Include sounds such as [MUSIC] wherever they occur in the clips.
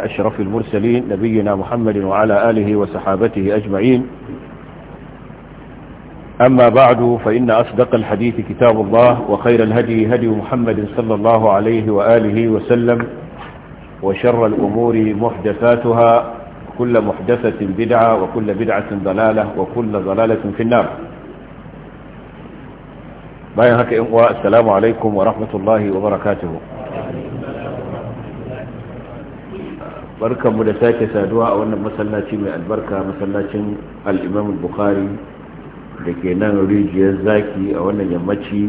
أشرف المرسلين نبينا محمد وعلى آله وصحابته أجمعين أما بعد فإن أصدق الحديث كتاب الله وخير الهدي هدي محمد صلى الله عليه وآله وسلم وشر الأمور محدثاتها كل محدثة بدعة وكل بدعة ضلالة وكل ضلالة في النار باين هكا السلام عليكم ورحمة الله وبركاته barkanmu da sake saduwa a wannan masallaci mai albarka masallacin al'imam bukhari da ke nan rijiyar zaki a wannan yammaci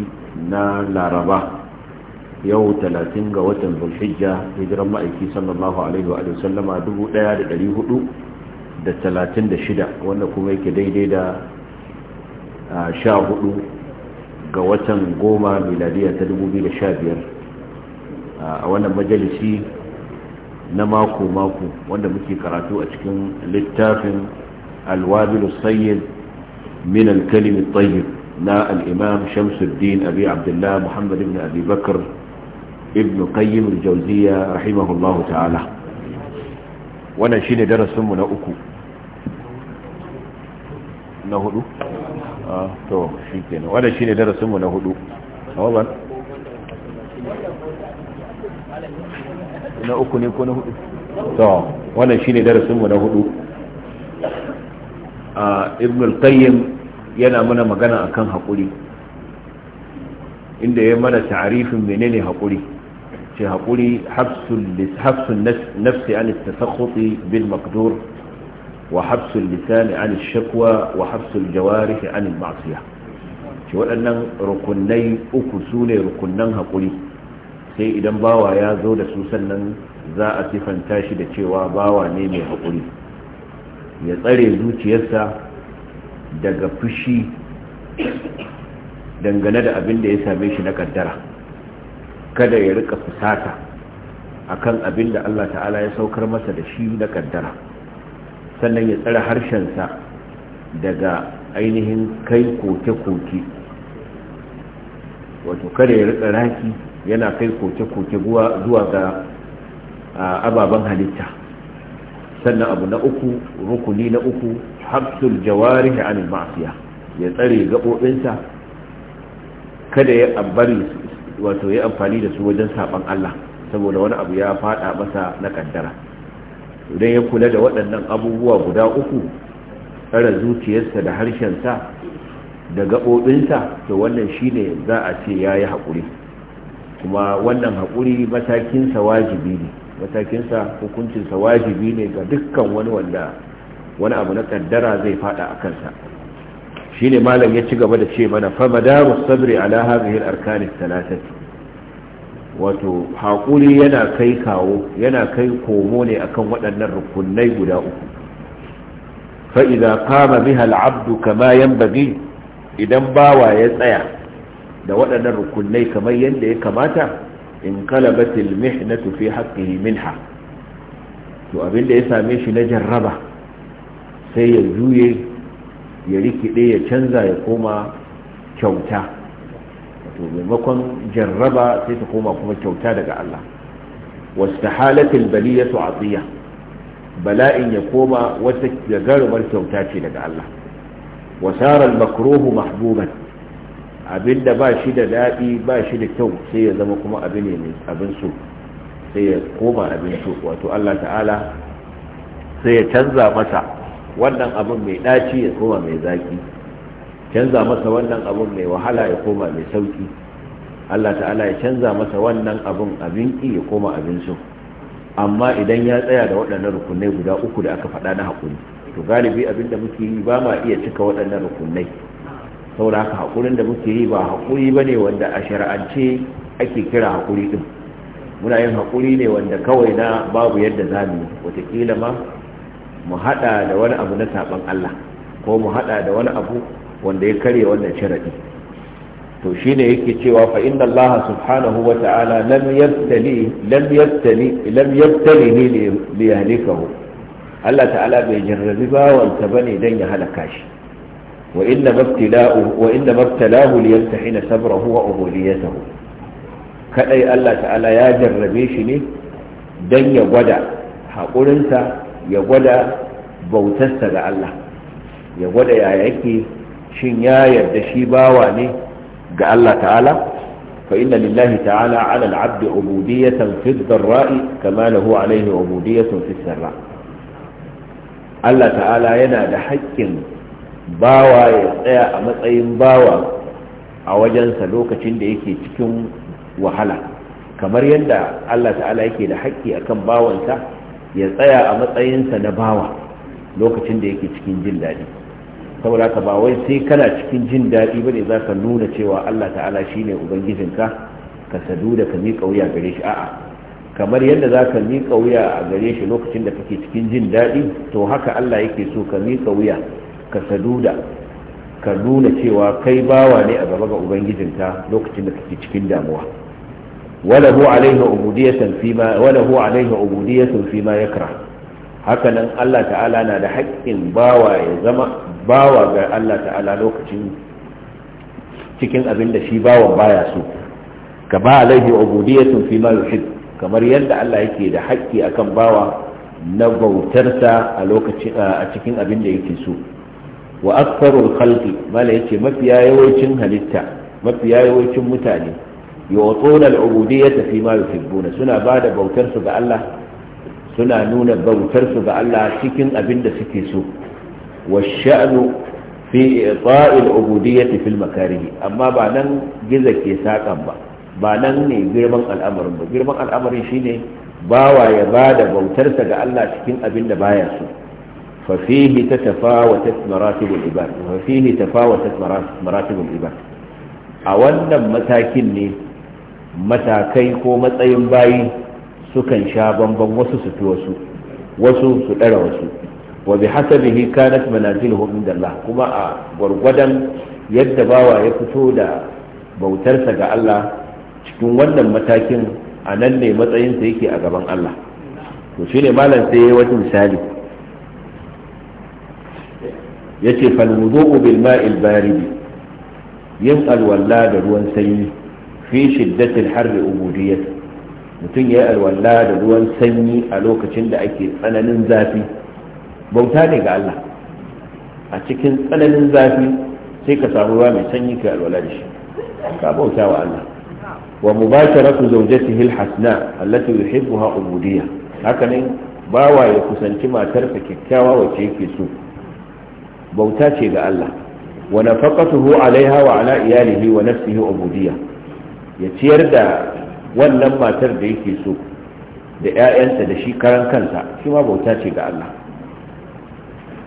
na laraba yau 30 ga watan zulhijja hijiran ma'aiki sallallahu alaihi wa sallama 1436 wanda kuma yake daidai da 14 ga watan goma miladiya ta 2015 a wannan majalisi na mako-mako wanda muke karatu a cikin littafin alwabilu sayyid min alkalimi tsayyib na al'imam shamsuddin abi Abdullahi, muhammad ibn abi ibn qayyim Jauziya, jawziya rahimahullahu ta'ala wannan shi ne darasinmu na uku na hudu? Ah, to shi kenan wannan shine darasinmu na hudu na uku ne ko na hudu to wannan shine darasin mu na hudu a ibn qayyim yana mana magana akan hakuri inda ya mana tarifin menene hakuri ce hakuri hafsun nafsi an tasakhuti bil maqdur wa hafsun lisani an shakwa wa hafsun jawarihi an ma'siyah ce waɗannan rukunai uku sune rukunan hakuri sai idan bawa ya zo da su sannan za a sifanta shi da cewa bawa ne mai haƙuri ya tsare zuciyarsa daga fushi dangane da abin da ya same shi na kaddara kada ya rika fusata akan abin da Allah ta'ala ya saukar masa da shi na kaddara sannan ya tsare harshensa daga ainihin kai koke-koke wato kada ya rika raki yana kai koke-koke zuwa ga ababen halitta sannan abu na uku rukuni na uku hafsul da anil ma'afiya ya tsare gaɓoɓinsa kada ya ambari wato ya amfani da su wajen saɓan Allah saboda wani abu ya faɗa masa na kaddara idan ya kula da waɗannan abubuwa guda uku tsara zuciyarsa da harshensa da gaɓoɓinsa to wannan shine za a ce ya yi haƙuri kuma wannan haƙuri matakinsa wajibi ne matakinsa hukuncinsa wajibi ne ga dukkan wani wanda wani abu na kaddara zai fada a kansa shi ne malam ya ci gaba da ce mana fama damu sabri ala hazihil arkanis talatati wato haƙuri yana kai kawo yana kai komo ne akan waɗannan rukunai guda uku fa'iza kama biha al'abdu kama yan idan bawa ya tsaya da waɗannan rukunai kamar yadda ya kamata in kalabatil mihnatu fi haqqihi minha to abinda ya same shi na jarraba sai ya juye ya rikide ya canza ya koma kyauta to maimakon jarraba sai ta koma kuma kyauta daga Allah baliya baliyatu atiya bala'in ya koma wata gagarumar kyauta ce daga Allah wasarar makruhu mahbuban abin da ba shi da daɗi ba shi da kyau sai ya zama kuma abin ne abin so sai ya koma abin so wato Allah ta'ala sai ya canza masa wannan abin mai ɗaci ya koma mai zaki, canza masa wannan abin mai wahala ya koma mai sauƙi Allah ta'ala ya canza masa wannan abin abin ki ya koma abin so amma idan ya tsaya da waɗannan rukunai guda uku da aka faɗa na haƙuri to galibi abin da muke yi ba ma iya cika waɗannan rukunai saboda haka haƙurin da muke yi ba haƙuri ba ne wanda a shari'ance ake kira haƙuri ɗin muna yin haƙuri ne wanda kawai na babu yadda za mu watakila ma mu haɗa da wani abu na saɓan Allah ko mu haɗa da wani abu wanda ya karya wannan sharaɗi to shi ne yake cewa fa inna Allah subhanahu wa ta'ala lam yabtali ni Allah ta'ala bai jarrabi bawanta bane dan ya halaka shi wa inna mabtila'u wa inna mabtalahu liyamtahina sabrahu wa ubudiyatahu kadai Allah ta'ala ya jarrabe shi ne dan ya gwada haƙurinsa ya gwada bautarsa ga Allah ya gwada ya yake shin ya yarda shi bawa ne ga Allah ta'ala fa inna lillahi ta'ala 'ala al-'abdi ubudiyatan fi ad-dharra'i kama lahu 'alayhi ubudiyatan fi sarra Allah ta'ala yana da hakkin. bawa ya tsaya a matsayin bawa a wajensa lokacin da yake cikin wahala kamar yadda Allah ta'ala yake da haƙƙi akan bawansa ya tsaya a matsayinsa na bawa lokacin da yake cikin jin daɗi saboda ka ba wai sai kana cikin jin daɗi bane za ka nuna cewa Allah ta'ala shine ubangijinka ka sadu da ka miƙa wuya gare shi a'a kamar yadda za ka miƙa wuya a gare shi lokacin da kake cikin jin daɗi to haka Allah yake so ka miƙa wuya ka saduda ka nuna cewa kai bawa ne a gaba ga ubangijinta lokacin da kake cikin damuwa wala hu alaiha ubudiyatan fi ma wala hu alaiha ubudiyatan fi ma yakra hakanan Allah ta'ala na da haƙƙin bawa ya zama bawa ga Allah ta'ala lokacin cikin abin da shi bawan baya so ka ba alaihi ubudiyatun fi ma yuhib kamar yadda Allah yake da haƙƙi akan bawa na bautarsa a lokacin a cikin abin da yake so wa aktharul khalqi mala yace mafiya yawancin halitta mafiya yawancin mutane yu'tuna al-ubudiyyata fi ma yuhibbuna suna bada bautar su ga Allah suna nuna bautar su ga Allah cikin abin da suke so wa sha'nu fi i'ta'il ubudiyyati fil makarih amma ba nan giza ke sakan ba ba nan ne girman al'amarin ba girman al'amarin shine bawa ya bada bautarsa ga Allah cikin abin da baya so ففيه تتفاوتت مراتب العباد وفيه تفاوتت a wannan matakin ne matakai ko matsayin bayi sukan sha bamban wasu su fi wasu wasu su ɗara wasu wa bi hasabihi kanat manaziluhum indallah kuma a gwargwadon yadda bawa ya fito da bautarsa ga Allah cikin wannan matakin a nan ne matsayinsa yake a gaban Allah to shine malam sai ya wata misali yace fal wudu'u bil ma'il barid yin alwala da ruwan sanyi fi shiddatil harri ubudiyyah mutum ya yi alwala da ruwan sanyi a lokacin da ake tsananin zafi bauta ne ga Allah a cikin tsananin zafi sai ka samu ruwa mai sanyi ka alwala da shi ka bauta wa Allah wa mubasharatu zawjatihi alhasna allati yuhibbuha ubudiyya hakanan bawa ya kusanci matarsa kyakkyawa wacce yake so bauta ce ga Allah wa nafaqatuhu alaiha wa ala iyalihi wa nafsihi ubudiyya ya ciyar da wannan matar da yake so da ƴaƴansa da shi karan kansa shi ma bauta ce ga Allah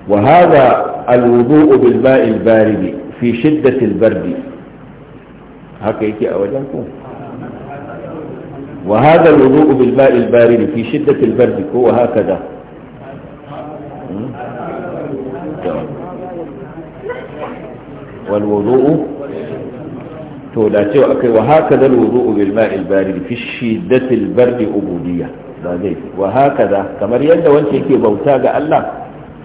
wa hadha alwudu'u bil ma'il barid fi shiddati al-bard haka yake a wajen ku wa hadha alwudu'u bil ma'il barid fi shiddati al-bard ko hakaza hmm? wal wudu'u to da cewa akai wa haka da wudu'u bil ma'il barid fi shiddatil bardi ubudiyya ba zai wa haka da kamar yadda wanda yake bauta ga Allah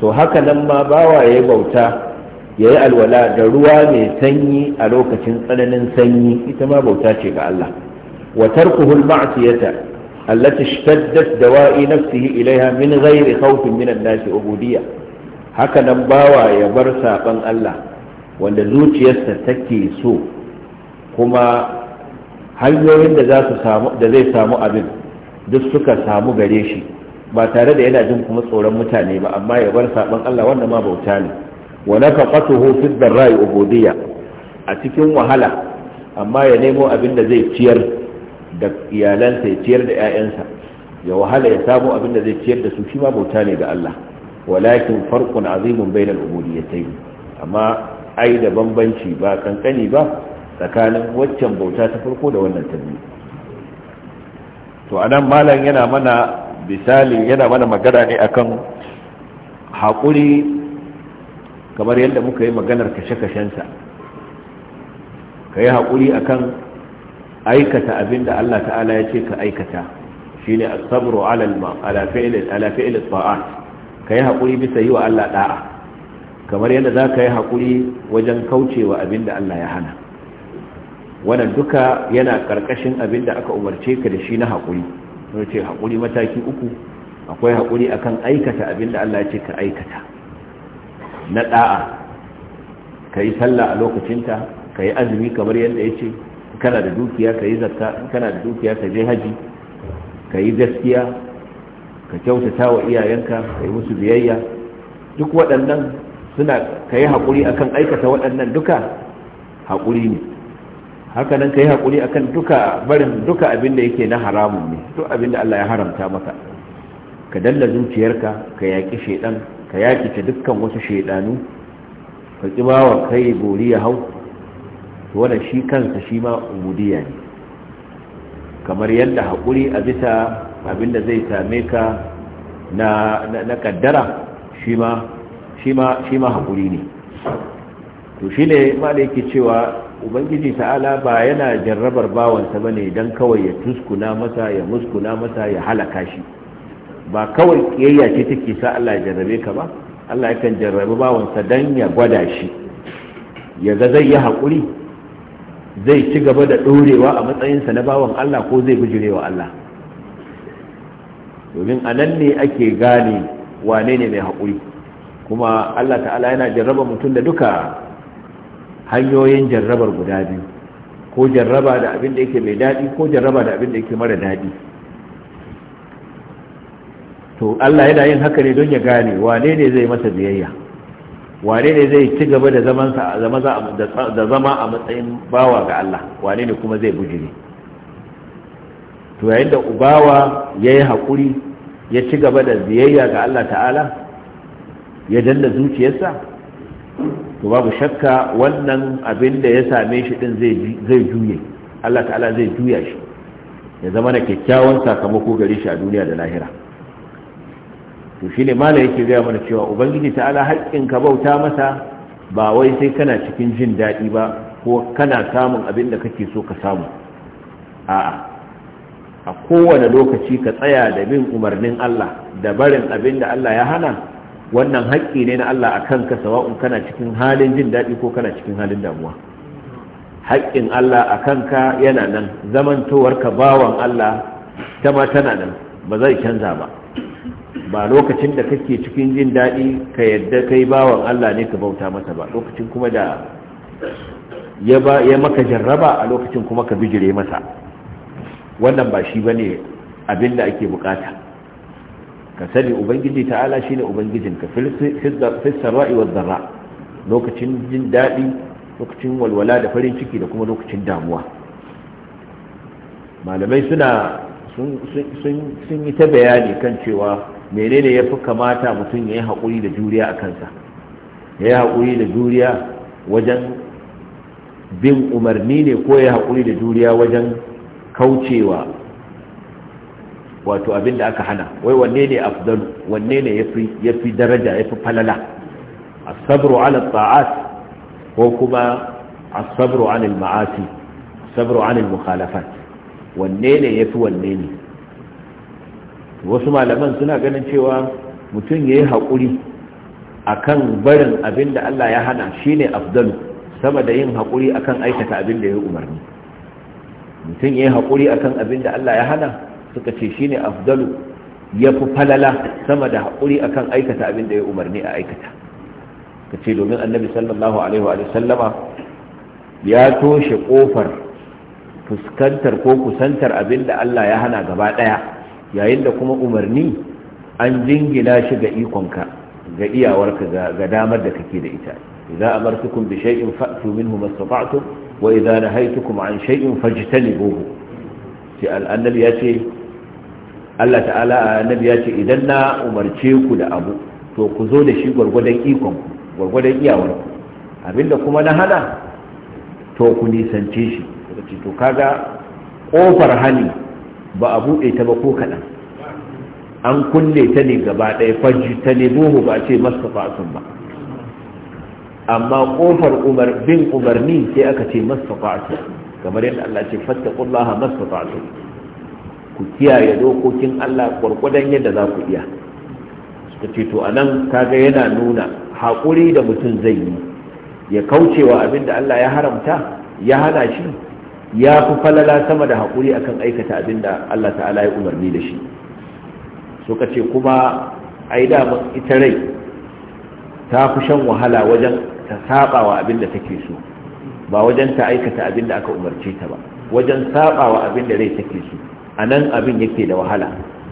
to haka nan ma bawa yayi bauta yayi alwala da ruwa mai sanyi a lokacin tsananin sanyi ita ma bauta ce ga Allah wa tarkuhu al da allati ishtaddat dawa'i nafsihi ilaiha min ghairi khawfin min an-nas ubudiyya haka nan bawa ya bar saban Allah wanda zuciyarsa take so kuma hanyoyin da zai samu abin duk suka samu gare shi ba tare da yana jin kuma tsoron mutane ba amma ya bar saban Allah wannan ma bauta ne wa nafaqatuhu fi dharra'i ubudiyya a cikin wahala amma ya nemo abin da zai ciyar da iyalansa ya ciyar da 'ya'yansa ya wahala ya samu abin da zai ciyar da su shi ma bauta ne ga Allah walakin farkon azimun bainar ubudiyyatayn amma ai da bambanci ba kankani ba tsakanin waccan bauta ta farko da wannan ta biyu to anan malam yana mana misali yana mana magana ne akan haƙuri kamar yadda muka yi maganar kashe-kashensa ka yi haƙuri akan aikata abin da Allah ta'ala ya ce ka aikata shi ne asabro ala fi'ilin ba'a ka yi haƙuri bisa yi wa Allah ɗa'a kamar yadda za ka yi haƙuri wajen kaucewa abin da Allah ya hana wannan duka yana ƙarƙashin abin da aka umarce ka da shi na haƙuri sun ce haƙuri mataki uku akwai haƙuri akan aikata abin da Allah ya ce ka aikata na ɗa'a ka yi sallah a lokacinta ka yi azumi kamar yadda ya ce kana da dukiya ka yi zakka kana da dukiya ka je haji ka yi gaskiya ka kyautata wa iyayenka ka yi musu biyayya duk waɗannan suna yi hakuri akan aikata waɗannan duka hakuri ne haka nan yi hakuri akan duka barin duka abin da yake na haramun ne duk abin da Allah ya haramta maka ka dalla zuciyarka ka yaƙi shaidan ka yaƙi ta dukkan wasu shaidanu ka wa kai gori ya hau wannan shi kansa shi ma ubudiya ne kamar yadda haƙuri a bisa da zai same ka na, ƙaddara na shi ma shi ma haƙuri ne to shi ne mala yake cewa ubangiji ta'ala ba yana jarrabar bawansa ba ne don kawai ya tuskuna masa ya muskuna masa ya halaka shi ba kawai ƙiyayya ce take sa Allah ya jarrabe ka ba Allah ya kan jarrabi bawansa don ya gwada shi ya ga zai yi haƙuri zai ci gaba da ɗorewa a matsayinsa na bawan Allah ko zai bijirewa Allah domin a nan ne ake gane wane ne mai haƙuri kuma Allah ta'ala yana jarraba mutum da duka hanyoyin jarrabar guda biyu ko jarraba da abin da yake mai daɗi ko jarraba da abin da yake mara daɗi to Allah yana yin haka ne don ya gane wane ne zai masa biyayya wane ne zai ci gaba da zama a matsayin bawa ga Allah wane ne kuma zai bujire to yayin da ubawa ya yi haƙuri ya ci gaba da biyayya ga Allah ta'ala ya danna zuciyarsa to babu shakka wannan abin da ya same shi din zai juye Allah ta'ala zai juya shi ya zama na kyakkyawan sakamako gare shi a duniya da lahira to shi ne mala yake gaya mana cewa ubangiji ta'ala haƙƙin ka bauta masa ba wai sai kana cikin jin daɗi ba ko kana samun abin da kake so ka samu a'a a kowane lokaci ka tsaya da bin umarnin Allah da barin abin da Allah ya hana wannan haƙƙi ne na Allah a kanka sawa'un kana cikin halin jin daɗi ko kana cikin halin damuwa haƙƙin Allah a kanka yana nan ka bawan Allah ta ma tana nan ba zai canza ba ba lokacin da kake cikin jin daɗi ka yadda kai bawan Allah ne ka bauta masa ba lokacin kuma da ya maka jarraba a lokacin kuma ka bijire masa wannan ba shi ba ne abin da ake bukata ka sani ubangiji ta'ala shine ka fis ra'i wa zarra. lokacin jin daɗi lokacin walwala da farin ciki da kuma lokacin damuwa malamai suna sun yi ta bayani kan cewa menene ya fi kamata mutum ya yi haƙuri da juriya a kansa ya yi haƙuri da juriya wajen bin umarni ne ko ya haƙuri da juriya wajen kaucewa wato abin da aka hana wai wanne ne afdalu wanne ne ya fi daraja ya fi falala A sabro ala ta'at ko kuma a sabro ala ma'asi sabro ala mukhalafat wanne ne ya fi wanne ne wasu malaman suna ganin cewa mutum ya yi haƙuri a kan barin abin da Allah ya hana shi ne afdalu sama da yin haƙuri a kan aikata abin da ya yi umarni mutum ya yi haƙuri a kan abin da Allah ya hana suka ce shine afdalu ya fi falala sama da haƙuri akan aikata abin da ya umarni a aikata ka ce domin annabi sallallahu alaihi wa sallama ya toshe ƙofar fuskantar ko kusantar abin da Allah ya hana gaba daya yayin da kuma umarni an jingina shi ga ikonka ga iyawarka ga damar da kake da ita idza amartukum bi shay'in fa'tu minhu mastata'tum wa idza nahaytukum an shay'in fajtanibuhu sai annabi ya ce Allah ta'ala annabi ya ce idan na umarce ku da abu to ku zo da shi gwargwadon ikon gwargwadon iyawar abinda kuma na hana to ku nisance shi to kaga kofar hali ba a buɗe ta ba ko kaɗan an kunne ta ne gaba ɗaya fajji ta ne buhu ba ce masu fasun ba amma kofar bin umarni sai aka ce masu fasun kamar yadda Allah ce fattakullaha masu fasun ku kiyaye dokokin Allah gwargwadon yadda za ku iya suka ce to anan ga yana nuna haƙuri da mutum zai yi ya kaucewa abin da Allah ya haramta ya hana shi ya fi falala sama da haƙuri akan aikata abin da Allah ta'ala ya umarni da shi suka ce kuma ai mun ita rai ta fi shan wahala wajen ta saba wa abin da take so ba wajen ta aikata abin da aka umarce ta ba wajen saba wa abin da rai take so a nan abin yake da wahala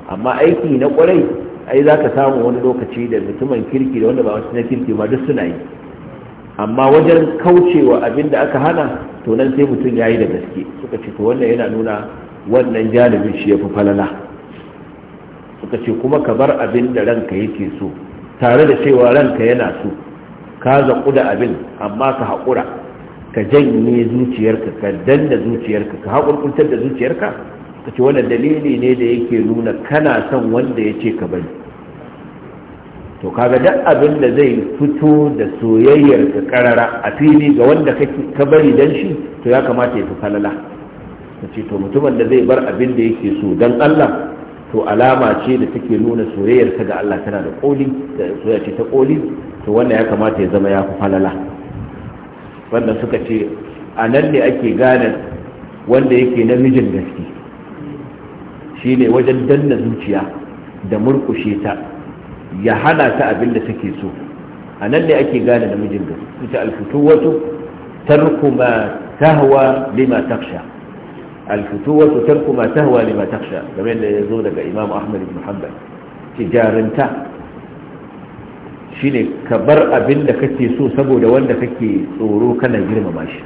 amma aiki na kwarai ai za ka samu wani lokaci da mutumin kirki da wanda ba wasu na kirki ma duk suna yi amma wajen kaucewa abin da aka hana to nan sai mutum ya yi da gaske suka ce to wannan yana nuna wannan jalibin shi ya fi falala suka ce kuma ka bar abin da ranka yake so tare da cewa ranka yana so ka zaƙu da abin amma ka haƙura ka janye zuciyarka ka danna zuciyarka ka haƙurƙuntar da zuciyarka ka ce wannan dalili ne da yake nuna kana son wanda ya ce ka bari to kaga duk abin da zai fito da soyayyar ka karara a fili ga wanda ka bari dan shi to ya kamata ya fi falala ka ce to mutumin da zai bar abin da yake so dan Allah to alama ce da take nuna soyayyar ka ga Allah tana da koli da soyayya ce ta koli to wannan ya kamata ya zama ya fi falala wanda suka ce a nan ne ake gane wanda yake namijin gaske ne wajen danna zuciya da murkushe ta ya hana ta abin da take so a nan ne ake gane namijin da su ta wato tarku ma tahwa lima taksha alfutuwatu tarku ma tahwa lima taksha game da ya zo daga imam ahmad ibn hanbal ce jarinta shine ka bar abin da kake so saboda wanda kake tsoro kana girmama shi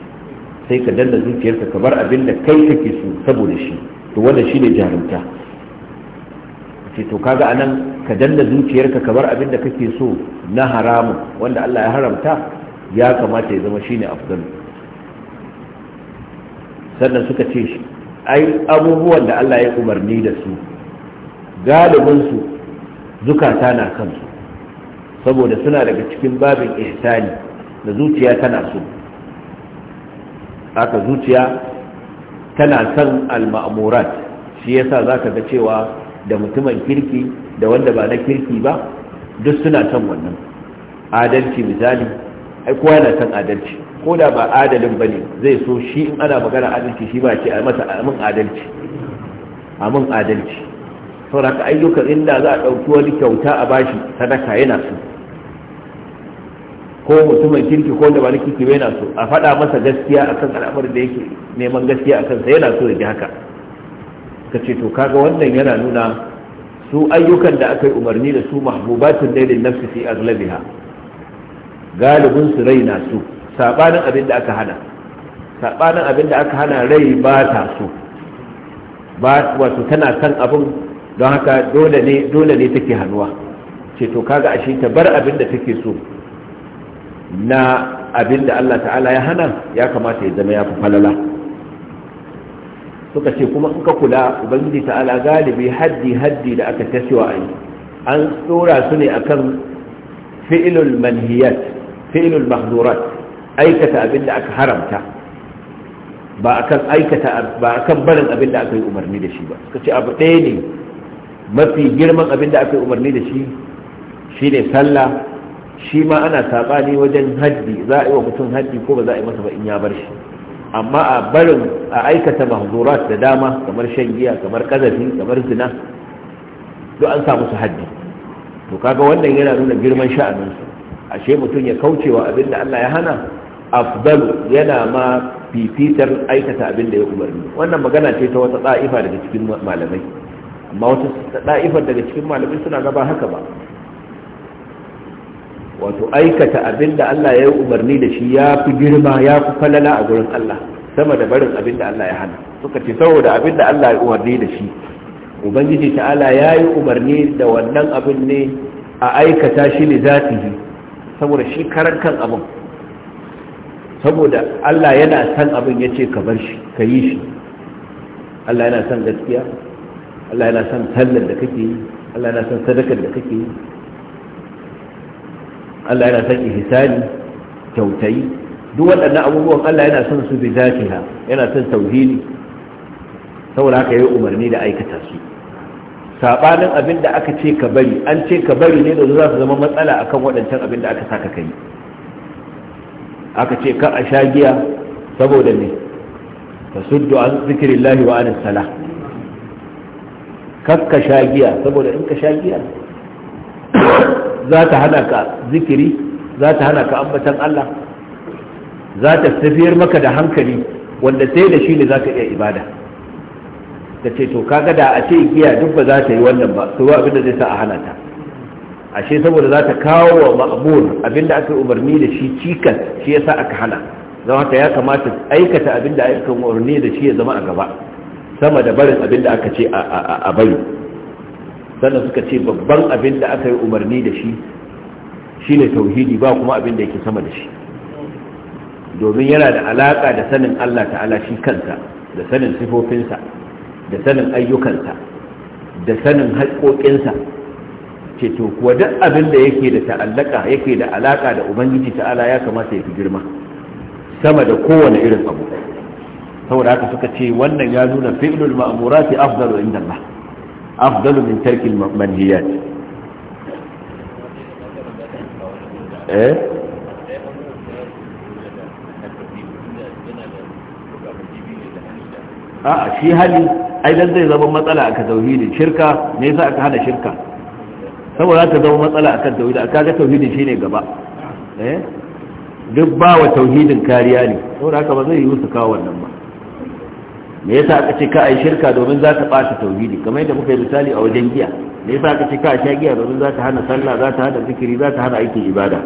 sai ka danna zuciyarka ka bar abin da kai kake so saboda shi to wannan shine jarumta ce to kaga anan ka danna zuciyarka ka bar abin da kake so na haramun wanda Allah ya haramta ya kamata ya zama shine afdal sannan suka ce shi ai abubuwan da Allah ya umarni da su galibin su zukata na kansu saboda suna daga cikin babin ihsani da zuciya tana so aka zuciya tana san al-ma'murat shi yasa zaka ga cewa da mutumin kirki da wanda ba na kirki ba duk suna son wannan adalci misali ai kowa yana san adalci ko da ba adalin bane zai so shi in ana magana adalci shi ba ce a masa amin adalci amin adalci saboda ayyukan inda za a ɗauki wani kyauta a bashi sadaka yana so ko mutumin kirki ko da ba kirki bai na so a faɗa masa gaskiya akan al'amarin da yake neman gaskiya akan sa yana so ya ji haka ka to kaga wannan yana nuna su ayyukan da aka yi umarni da su mahbubatun daidai nafsi fi azlabiha galibin su rai na su sabanin abin da aka hana sabanin abin da aka hana rai ba ta so ba wato tana san abin don haka dole ne dole ne take hannuwa ce to kaga ashe ta bar abin da take so na abin da Allah ta'ala ya hana ya kamata ya zama ya fi falala suka ce kuma in ka kula ubangiji ta'ala galibi haddi haddi da aka tasewa a an tsora su ne akan fi'ilul manhiyat fi'ilul mahdurat aikata abin da aka haramta ba akan aikata ba akan barin abin da aka yi umarni da shi ba suka ce abu ɗaya ne mafi girman abin da aka yi umarni da shi shine sallah shi ma ana sabani wajen haddi za a yi wa mutum haddi ko ba za a yi masa ba in ya bar shi amma a barin a aikata mahzurat da dama kamar shan giya kamar kazafi kamar zina duk an sa musu haddi to kaga wannan yana nuna girman sha'anin su ashe mutum ya kaucewa abin da Allah ya hana afdalu yana ma fifitar aikata abin da ya umarni wannan magana ce ta wata da'ifa daga cikin malamai amma wata da'ifar daga cikin malamai suna gaba haka ba wato aikata abin da Allah ya yi umarni da shi ya fi girma ya fi falala a gurin Allah sama da barin abin da Allah ya hana suka ce saboda abin da Allah ya umarni da shi ubangiji ta'ala ya yi umarni da wannan abin ne a aikata shi ne zatihi saboda shi karan kan abin saboda Allah yana san abin ya ce ka bar shi ka yi shi Allah yana san gaskiya Allah yana san sallar da kake yi Allah yana san sadakar da kake yi Allah yana son ihsani kyautai. duk waɗannan abubuwan Allah yana son su bi zatiha yana son tauhidi saboda haka yayi umarni da aikata su sabanin abin da aka ce ka bari an ce ka bari ne da za su zama matsala akan waɗancan abin da aka saka kai aka ce kan a sha giya saboda ne tasuddu an zikrillahi wa anis salah kakka sha giya saboda in ka sha giya za ta hana ka zikiri za ta hana ka ambatan Allah za ta tafiyar maka da hankali wanda sai da shi ne za ka iya ibada ta ce to kaga da a ce giya duk ba za ta yi wannan ba to ba abinda zai sa a hana ta ashe saboda za ta kawo wa ma'amur abinda aka umarni da shi cikas shi ya sa aka hana zama haka ya kamata aikata abinda aka umarni da shi ya zama a gaba sama da barin abinda aka ce a bari sannan suka ce babban abin da aka yi umarni da shi shine tauhidi ba kuma abin da yake sama da shi domin yana da alaka da sanin Allah ta'ala shi kansa da sanin sifofinsa da sanin ayyukansa da sanin haƙoƙinsa ce to kuwa duk abin da yake da ta'allaka yake da alaka da ubangiji ta'ala ya kamata ya fi girma sama da kowane irin abu saboda haka suka ce wannan ya nuna fi'lul ma'murati afdalu inda Allah afdalu min tarki manhiyat eh a'a shi hali ai zai zama matsala aka tauhidin shirka me yasa aka hana shirka saboda ta zama matsala akan tauhidi aka ga tauhidin shine gaba eh duk bawa wa tauhidin kariya ne saboda haka ba zai yi su kawo wannan ba me yasa aka ce ka a yi shirka domin za ta ɓata tauhidi kamar yadda muka yi misali a wajen giya me yasa aka ce ka a sha giya domin za ta hana sallah za ta hana zikiri za ta hana aikin ibada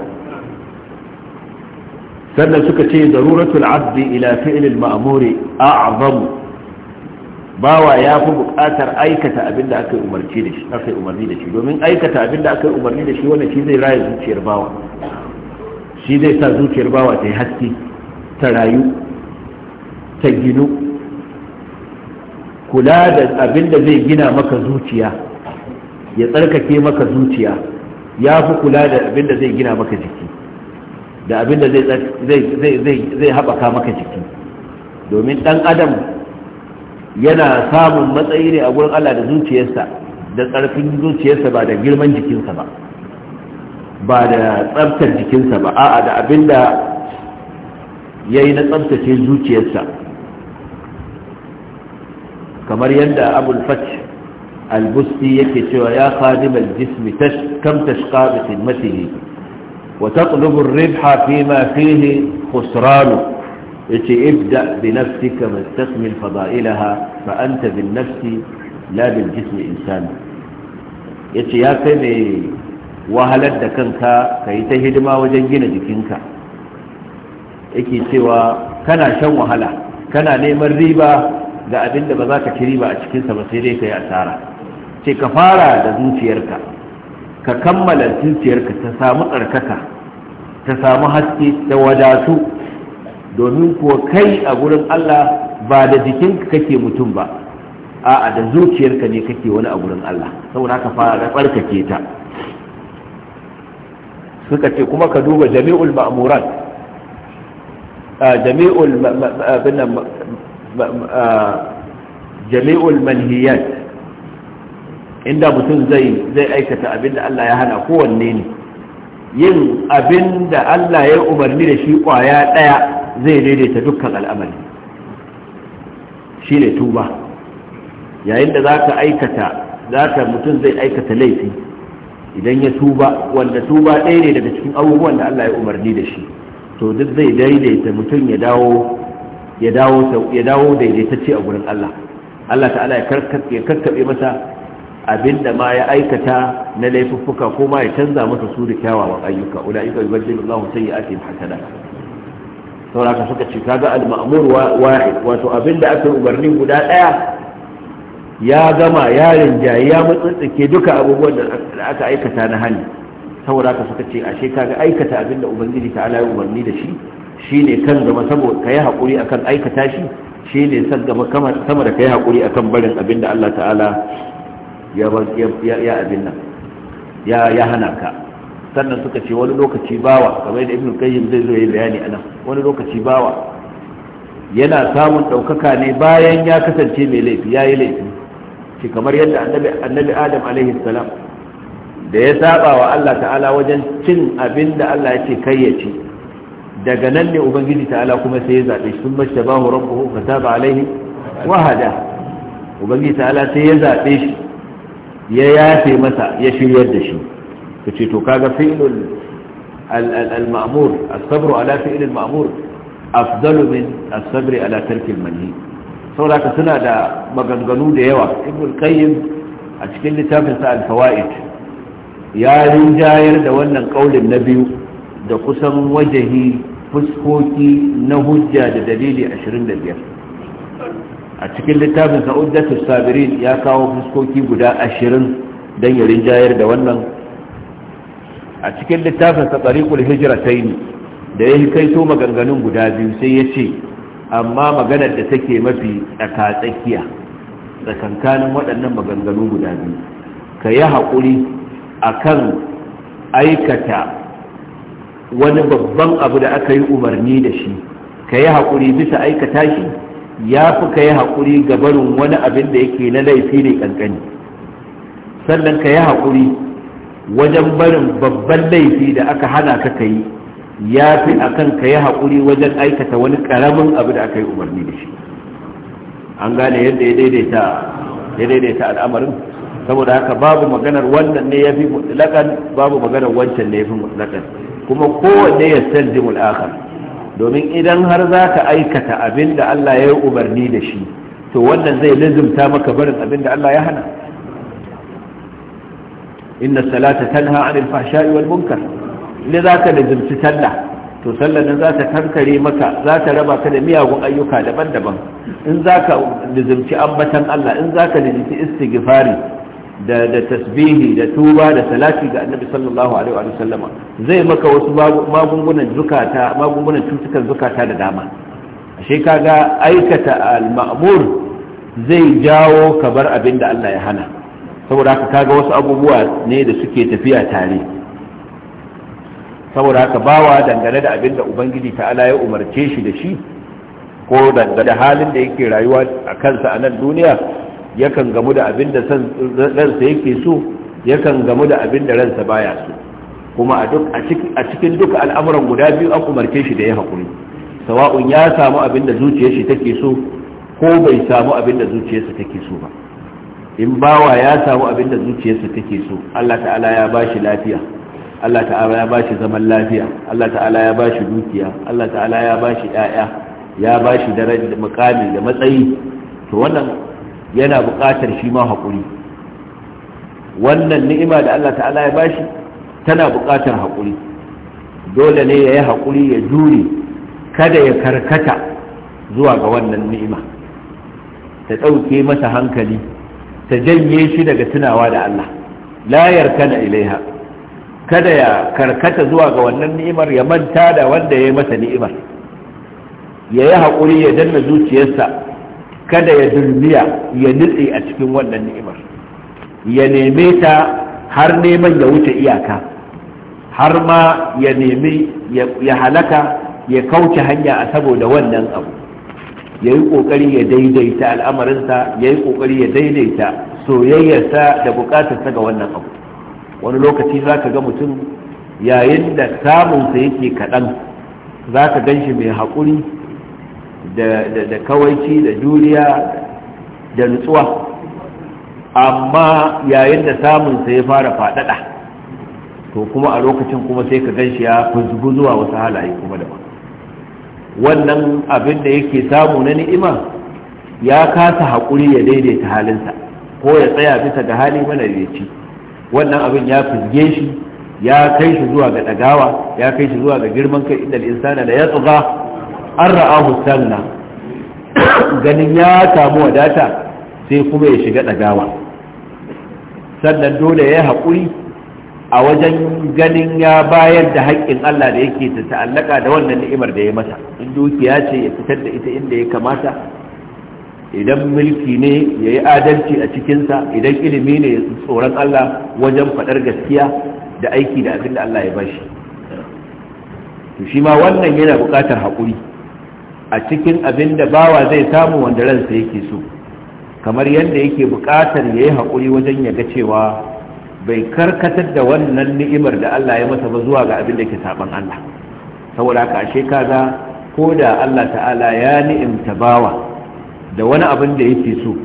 sannan suka ce daruratul abdi ila fi'lil ma'muri a'zamu bawa ya fi bukatar aikata abin da aka yi umarci da shi aka umarni da shi domin aikata abin da aka yi umarni da shi wanda shi zai raya zuciyar bawa shi zai sa zuciyar bawa ta yi haske ta rayu ta ginu kula da abin da zai gina maka zuciya ya tsarkake maka zuciya ya fi kula da abin da zai gina maka jiki da abin da zai haɓaka maka jiki domin ɗan adam yana samun matsayi ne a gurin Allah da zuciyarsa da tsarkin zuciyarsa ba da girman jikinsa ba ba da tsabtar jikinsa ba a'a da abin da ya yi na tsabtace zuciyarsa kamar yadda abul fach albusti yake cewa ya kadi mai jismi kam ta shiga da taimaki ne wata kudubin ribha fi mafi ne kusuranu ya ce ibda bi nafsi tasmin fada'ilaha ba an ta bi nafsi labin jismi insani ya ce ya kai mai wahalar da kanka ka yi ta hidima wajen gina jikinka yake cewa kana shan wahala kana neman riba ga abin da ba za ka kiri ba a cikinsa ba sai dai ka yi asara ce ka fara da zuciyarka ka kammala zuciyarka ta samu tsarkaka ta samu haske ta wadatu domin kuwa kai a gurin Allah ba da jikinka kake mutum ba a'a da zuciyarka ne kake wani a gurin Allah saboda ka fara tsarkake ta suka ce kuma ka duba jami'ul ma'murat ah, jami'ul jami'ul manhiyat inda mutum zai zai aikata abinda Allah ya hana kowanne ne yin abinda Allah ya umarni da shi kwaya daya zai daidaita dukkan al'amari ne tuba yayin da zaka aikata zaka mutum zai aikata laifi idan ya tuba wanda tuba ɗaya ne daga cikin abubuwan da Allah ya umarni da shi to duk zai daidaita mutum ya dawo ya dawo ya daidaitacce a gurin Allah Allah ta'ala ya karkabe masa da ma ya aikata na laifuffuka ko ma ya canza masa su da kyawawan ayyuka ulaika yubaddilu Allahu sayyi'atihim hasanat sauraka suka ce kaga al-ma'mur wahid wato abin da aka umarni guda daya ya gama ya rinjaye ya mutsuntsike duka abubuwan da aka aikata na hali saboda haka suka ce ashe kaga aikata abin abinda ubangiji ta'ala ya umarni da shi Shi ne kan gama saboda ka haƙuri a akan aikata shi shi san sama da ka haƙuri a akan barin abin da Allah ta'ala ya abin nan ya hana ka sannan suka ce wani lokaci bawa kamar da Ibn kayyim zai zo yi bayani anan wani lokaci bawa yana samun ɗaukaka ne bayan ya kasance mai laifi ya yi laifi shi kamar yadda annabi adam alaihi salam da ya saba wa Allah ta'ala wajen cin abin da Allah ya ce kai ya ci daga nan ne ubangiji ta'ala kuma sai ya zaɓe sun mashtabahu rabbuhu fataba alaihi wa ubangiji ta'ala sai ya zaɓe shi ya yafe masa ya shiryar da shi ce to kaga fi'lul al-ma'mur as-sabru ala fi'l al-ma'mur afdalu min as-sabri ala tarki manhi saboda suna da maganganu da yawa ibn qayyim a cikin littafin sa al-fawaid ya rinjayar da wannan kaulin na biyu da kusan wajahi fuskoki na hujja da dalili 25 a cikin littafin sa'udatu sabirin ya kawo fuskoki guda 20 don ya rinjayar da wannan a cikin littafin sa tsarikul hijirataini da ya kai to maganganun guda biyu sai ya ce amma maganar da take mafi tsakatsakiya tsakankanin waɗannan maganganu guda biyu ka yi haƙuri a kan aikata wani babban abu da aka yi umarni da shi ka yi haƙuri bisa aikata shi ya fi ka yi haƙuri ga barin wani abin da yake na laifi ne ƙanƙani, sannan ka yi haƙuri wajen barin babban laifi da aka hana ka ka yi ya fi a kan ka yi haƙuri wajen aikata wani ƙaramin abu da aka yi umarni da shi an gane yadda ya daidaita al'amarin saboda haka babu maganar wannan ne ya fi mutlakan babu maganar wancan ne ya fi mutlakan kuma kowanne ya salzimul akhar domin idan har za ka aikata abin da Allah ya yi umarni da shi to wannan zai lazimta maka barin abin da Allah ya hana inna salata tanha anil fahsha'i wal munkar ne za ka lazimci talla to sallar nan za ta kankare maka za ta raba ka da miyagun ayyuka daban-daban in za ka lazimci ambatan Allah in za ka lazimci istighfari da da tasbihi da tuba da salati ga annabi sallallahu alaihi wa sallama zai maka wasu magungunan zukata magungunan cutukan zukata da dama ashe kaga aikata al-ma'mur zai jawo kabar abinda Allah ya hana saboda haka kaga wasu abubuwa ne da suke tafiya tare saboda haka bawa dangane da abinda ubangiji ta'ala ya umarce shi da shi ko da halin da yake rayuwa a kansa a nan duniya yakan gamu da abin da ransa yake so yakan gamu da abin da ransa baya so kuma a cikin duka al'amuran guda biyu an umarce shi da ya haƙuri sawa'un ya samu abin da zuciyar shi take so ko bai samu abin da zuciyarsa take so ba in bawa ya samu abin da zuciyarsa take so Allah ta'ala ya ba shi lafiya Allah ta'ala ya ba shi zaman lafiya Allah ta'ala ya ba shi dukiya Allah ta'ala ya ba shi 'ya'ya ya bashi daraja da makami da matsayi to wannan yana buƙatar shi ma haƙuri wannan ni'ima da Allah ta'ala ya bashi tana buƙatar haƙuri dole ne ya yi haƙuri ya jure kada ya karkata zuwa ga wannan ni'ima ta ɗauke masa hankali ta janye shi daga tunawa da Allah Layar kana, ilaiha kada ya karkata zuwa ga wannan ni'imar ya manta da wanda ya yi masa ni'imar ya yi haƙuri ya danna zuciyarsa kada ya dulmiya ya nutse a cikin wannan ni'imar ya neme ta har neman ya wuce iyaka har ma ya nemi ya halaka ya kauce hanya a saboda wannan abu ya yi ƙoƙari ya daidaita al'amarinsa ya yi ƙoƙari ya daidaita soyayyarsa da buƙatarsa ga wannan abu wani lokaci za ka ga mutum yayin da samunsa yake kaɗan za ka gan shi mai haƙuri da kawaici da juriya da nutsuwa amma yayin da samunsa ya fara faɗaɗa to kuma a lokacin kuma sai ka gan shi ya fuzgu zuwa wasu halaye kuma da wannan abin da yake samu na ni'ima ya kasa haƙuri ya daidaita halinsa ko ya tsaya bisa ga hali mana da ci. wannan abin ya fuzge shi ya kai shi zuwa ga ɗagawa ya kai shi zuwa ga girman kai inda insana da ya tsuga an ra'ahu sanna ganin ya samu wadata sai kuma ya shiga dagawa sannan dole ya haƙuri a wajen ganin ya bayar da haƙƙin Allah da yake ta ta'allaka da wannan ni'imar da ya masa in dukiya ce ya fitar da ita inda ya kamata idan mulki ne ya yi adalci a cikinsa idan ilimi ne ya tsoron Allah wajen faɗar gaskiya da aiki da abin da Allah ya bashi to shi ma wannan yana buƙatar haƙuri a cikin abin da bawa zai samu wanda ransa yake so kamar yadda yake buƙatar ya yi haƙuri wajen ya ga cewa bai karkatar da wannan ni'imar da Allah ya masa ba zuwa ga abin da ke saban Allah saboda ka ashe ga ko da Allah ta'ala ya ni'imta bawa da wani abin da yake so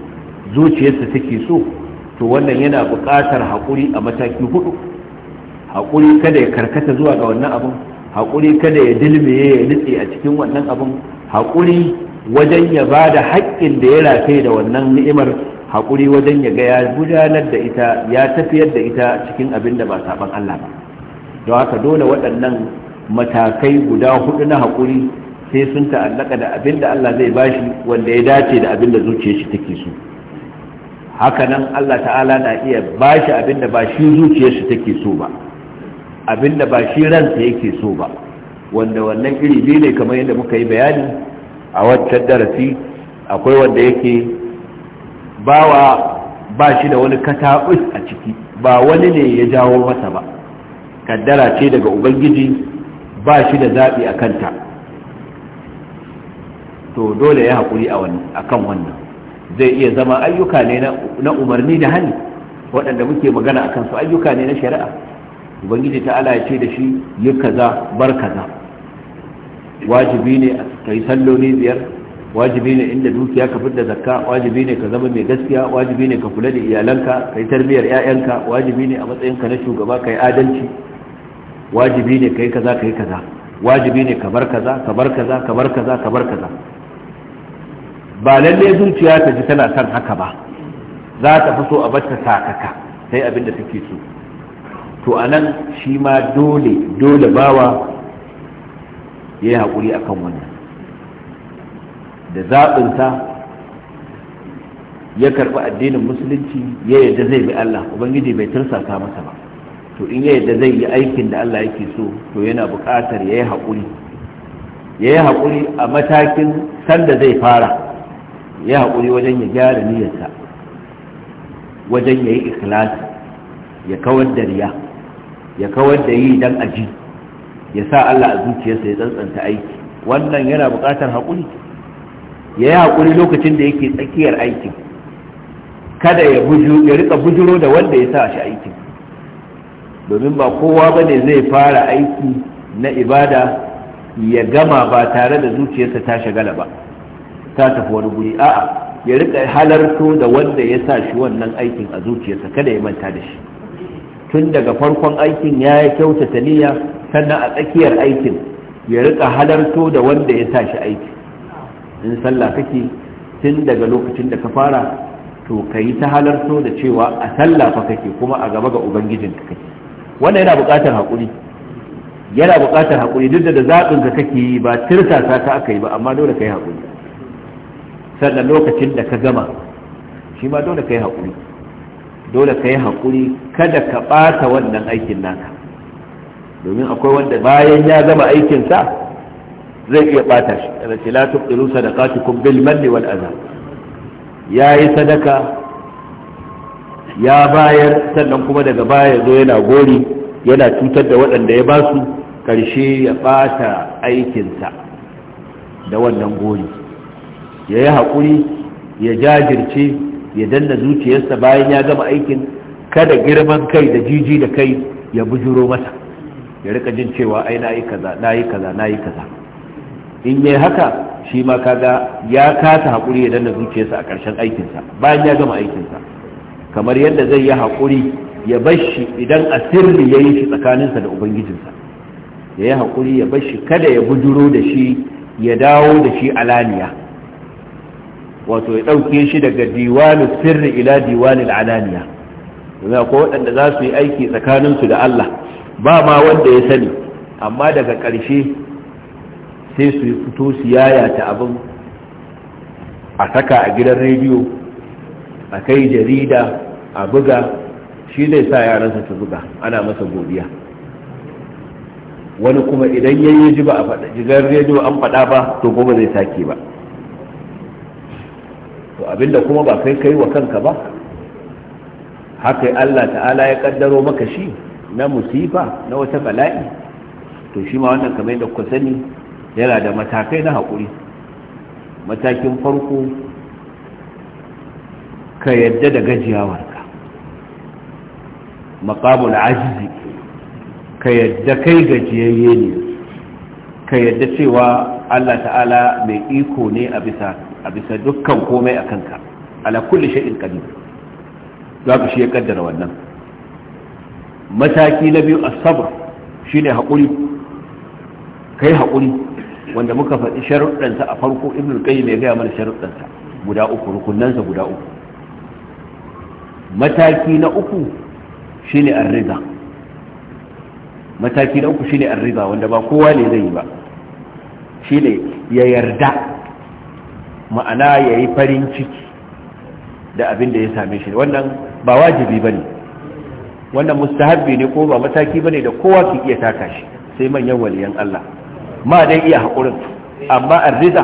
zuciyarsa take so to wannan yana buƙatar haƙuri a mataki hudu haƙuri kada ya karkata zuwa ga wannan abin haƙuri kada ya dilmiye ya nutse a cikin wannan abin haƙuri wajen ya ba da haƙƙin da ya rafe da wannan ni'imar haƙuri wajen ya gaya ya gudanar da ita ya tafiyar da ita cikin abin da ba saban Allah ba don haka dole waɗannan matakai guda hudu na haƙuri sai sun ta'allaka da abin da Allah zai bashi wanda ya dace da abin da zuciyar shi take so haka nan Allah ta'ala na iya bashi abin da ba shi zuciyar shi take so ba abin da ba shi ransa yake so ba wanda wannan iri biyu ne kamar yadda muka yi bayani a wancan darasi akwai wanda yake bawa ba shi da wani kataɓus a ciki ba wani ne ya jawo masa ba kaddara ce daga ubangiji ba shi da zaɓi a kanta to dole ya haƙuri a kan wannan zai iya zama ayyuka ne na umarni da hannu waɗanda muke magana a kansu ayyuka ne na shari'a ubangiji ta'ala ya ce da shi yi kaza bar kaza wajibi ne ka yi salloli biyar wajibi ne inda dukiya ka da zakka wajibi ne ka zama mai gaskiya wajibi ne ka kula da iyalanka ka yi tarbiyyar 'ya'yanka wajibi ne a matsayinka na shugaba ka yi adalci wajibi ne ka yi kaza ka yi kaza wajibi ne ka bar kaza ka bar kaza ka bar kaza ka bar kaza ba lalle zuciya ta ji tana son haka ba za ta fi so a bata sakaka sai abin da take so to anan shi ma dole dole bawa ya yi haƙuri a kan wannan da zaɓinsa ya karɓi addinin musulunci ya yadda zai bi Allah ubangiji bai tursasa masa ba to in ya yadda zai yi aikin da Allah yake so to yana buƙatar ya yi haƙuri ya yi haƙuri a matakin sanda zai fara ya haƙuri wajen ya gyara niyyarsa wajen ya yi ikhlasi ya kawar da riya ya kawar da yi don aji ya sa Allah a zuciyarsa ya tsantsanta aiki wannan yana buƙatar haƙuri ya yi haƙuri lokacin da yake tsakiyar aikin kada ya rika bujiro da wanda ya sa shi aikin domin ba kowa ba ne zai fara aiki na ibada ya gama ba tare da zuciyarsa ta shagala ba ta tafi wani guri a'a ya rika halarto da wanda ya sa shi wannan aikin a zuciyarsa kada ya manta da shi tun daga farkon aikin ya yi kyautata niyya sannan a tsakiyar aikin ya rika halarto da wanda ya tashi aiki in sallah kake tun daga lokacin da ka fara to ka yi ta halarto da cewa a sallah fa kake kuma a gaba ga ubangijin ka kake wannan yana buƙatar haƙuri yana buƙatar haƙuri duk da zaɓin ka kake yi ba tirsasa ta aka yi ba amma dole ka yi haƙuri sannan lokacin da ka gama shi ma dole ka yi haƙuri dole ka yi haƙuri kada ka ɓata wannan aikin naka domin akwai wanda bayan ya gama aikinsa zai iya ɓata shi da ce la tuqilu sadaqatukum bil manni wal aza ya yi sadaka ya bayar sannan kuma daga baya zo yana gori yana cutar da waɗanda ya basu ƙarshe ya ɓata aikinsa da wannan gori ya yi haƙuri ya jajirce ya danna zuciyarsa bayan ya gama aikin kada girman kai da jiji da kai ya bujuro masa ya rika jin cewa ai na yi kaza na yi kaza na yi kaza in yi haka shi ma kaga ya kasa haƙuri ya danna zuciyarsa a ƙarshen aikinsa bayan ya gama aikinsa kamar yadda zai yi haƙuri ya bashi idan asirri ya yi shi tsakaninsa da ubangijinsa ya yi haƙuri ya bashi kada ya bujuro da shi ya dawo da shi alaniya wato ya ɗauke shi daga diwanu sirri ila diwanin alaniya domin akwai waɗanda za su yi aiki tsakaninsu da Allah ba ma wanda ya sani amma daga ƙarshe sai su yi fito su yayata abin a saka a gidan rediyo a kai jarida a buga shi zai sa yaransa su buga ana masa godiya wani kuma idan yayi ji ba a faɗa gidan rediyo an faɗa ba to kuma zai sake ba to abinda kuma ba kai kai wa kanka ba haka Allah ta'ala ya kaddaro maka shi na musifa na wata bala'i to shi ma wannan kamar da kuka sani yana da matakai na haƙuri matakin farko ka yadda da gajiyawarka maƙabul ajizi ka yadda kai gajiyayye ne ka yadda cewa Allah ta'ala mai iko ne a bisa dukkan komai a kanka ala kulli shay'in qadir za ku shi ya kaddara wannan mataki na biyu as shi ne haƙuri. kai haƙuri wanda muka faɗi sharuɗansa a farko Ibn qayyim ya gaya mana sharuɗansa guda uku rukunansa guda uku mataki na uku shine ar-ridha mataki na uku shine ar-ridha wanda ba kowa ne zai yi ba shine ya yarda ma'ana ya yi farin ciki da abin da ya same shi wannan ba wajibi ba ne wannan mustahabbi ne ko ba mataki ba ne da kowa ke iya taka shi sai manyan waliyan Allah ma dai iya haƙurin amma arziza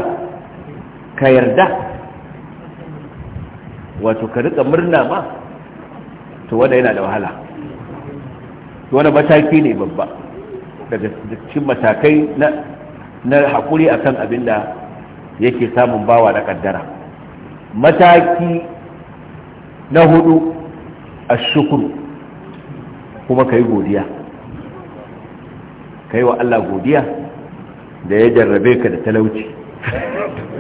ka yarda wato ka rika murna ma to wanda yana da wahala wani mataki ne babba daga cikin matakai na na haƙuri kan abin da yake samun bawa na kaddara mataki na hudu a shukuru kuma ka yi godiya ka yi wa Allah godiya da ya jarrabe ka da talauci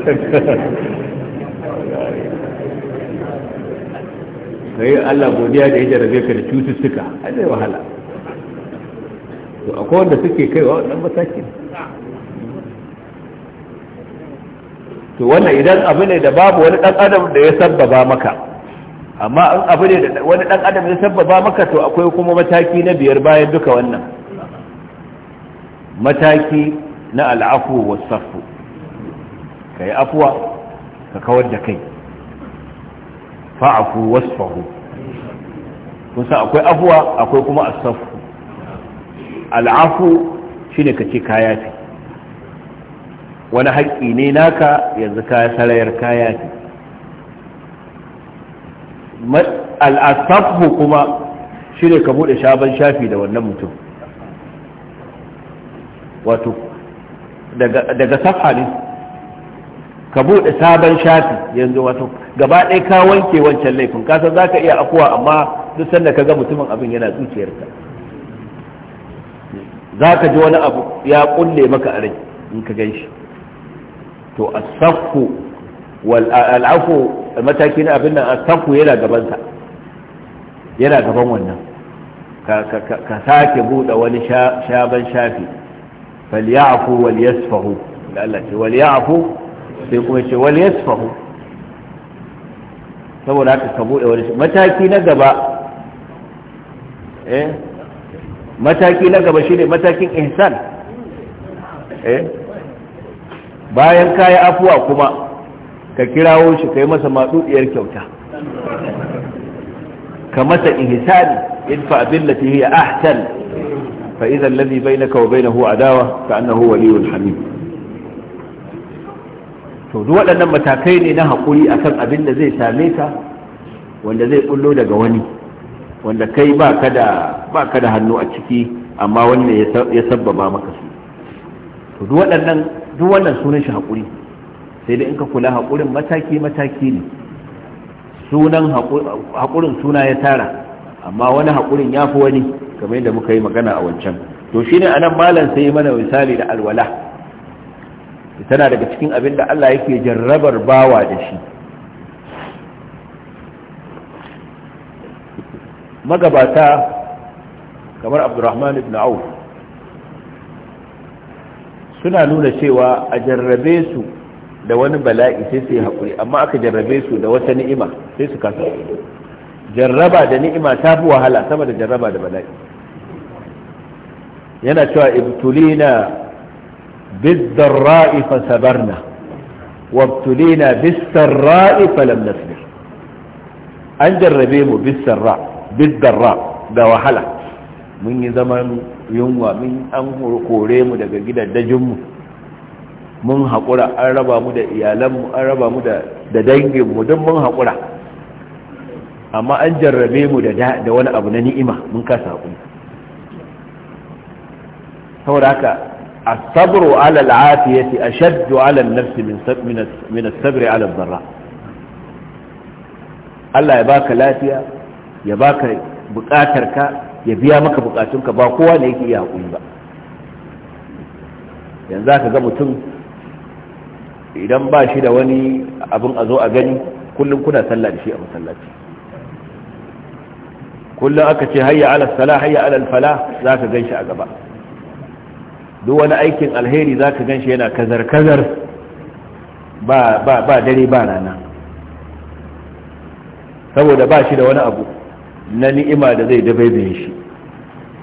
[LAUGHS] ka yi Allah godiya da ya jarrabe ka da cututtuka a zai wahala to akwai wanda suke kaiwa waɗannan matakin to wannan idan abu ne da babu wani dan adam da ya sabbaba maka amma in abu ne da wani dan adam ya sabbaba maka to akwai kuma mataki na biyar bayan duka wannan mataki na al'afu was safu kai afwa ka kawar da kai fa'afu wasfahu kun sa akwai afwa akwai kuma as-safu al'afu shine kace kaya ce wani haƙƙi ne naka yanzu ka sarayar kaya ce al'asafu kuma shi ne ka buɗe shaban shafi da wannan mutum wato daga safa ne ka buɗe sabon shafi yanzu wato gaba ɗaya ka wanke wancan laifin kasan za ka iya akuwa amma duk sanda ka ga mutumin abin yana zuciyarka za ka ji wani abu ya ƙulle maka a rai in ka gan shi to a wal al'afu mataki na abin nan a asafu yana gaban sa yana gaban wannan ka sake buɗe wani shaban shafi falyafu wal yasfahu da Allah ce wal yafu sai kuma ce wal yasfahu saboda haka ka buɗe wani mataki na gaba eh mataki na gaba shine matakin ihsan eh bayan kayi afuwa kuma ka kirawo shi ka yi masa maɗuɗiyar kyauta ka masa ihsani idfa billati hiya ahsan fa na alladhi bainaka wa bainahu adawa ka annahu waliyyun hamim to duk waɗannan matakai ne na haƙuri akan abin da zai same ka wanda zai bullo daga wani wanda kai ba ka da hannu a ciki amma wanda ya sabbaba maka su to duk waɗannan duk wannan sunan shi haƙuri sai dai in ka kula haƙurin mataki-mataki ne sunan haƙurin suna ya tara amma wani haƙurin ya fi wani kamar yadda muka yi magana a wancan to shi ne anan nan malam sai mana misali da alwala tana daga cikin abin da allah yake jarrabar bawa da shi magabata kamar abdurrahman ibn auf suna nuna cewa a jarrabe su da wani bala'i sai su yi haƙuri amma aka jarrabe su da wata ni'ima sai su kasa jarraba da ni'ima ta fi wahala sama da jarraba da bala'i yana cewa ibtulina bidarra'i fa sabarna wa ibtulina bisarra'i fa lam nasbir an jarrabe mu bisarra bidarra da wahala mun yi zaman yunwa mun an kore mu daga mu mun haƙura an raba mu da iyalanmu an raba mu da danginmu don mun haƙura amma an jarrabe mu da wani abu na ni'ima mun kasa haƙuri saboda haka الصبر على العافية min على النفس من من الصبر Allah ya baka lafiya ya baka bukatarka ya biya maka bukatunka ba kowa ne yake iya haƙuri ba yanzu ka ga mutum idan ba shi da wani abin a zo a gani kullum kuna sallah da shi a masallaci kullum aka ce hayya ala sala hayya ala fala za ka gan shi a gaba duk wani aikin alheri za ka gan shi yana kazar-kazar ba dare ba rana saboda ba shi da wani abu na ni'ima da zai dabaibaye shi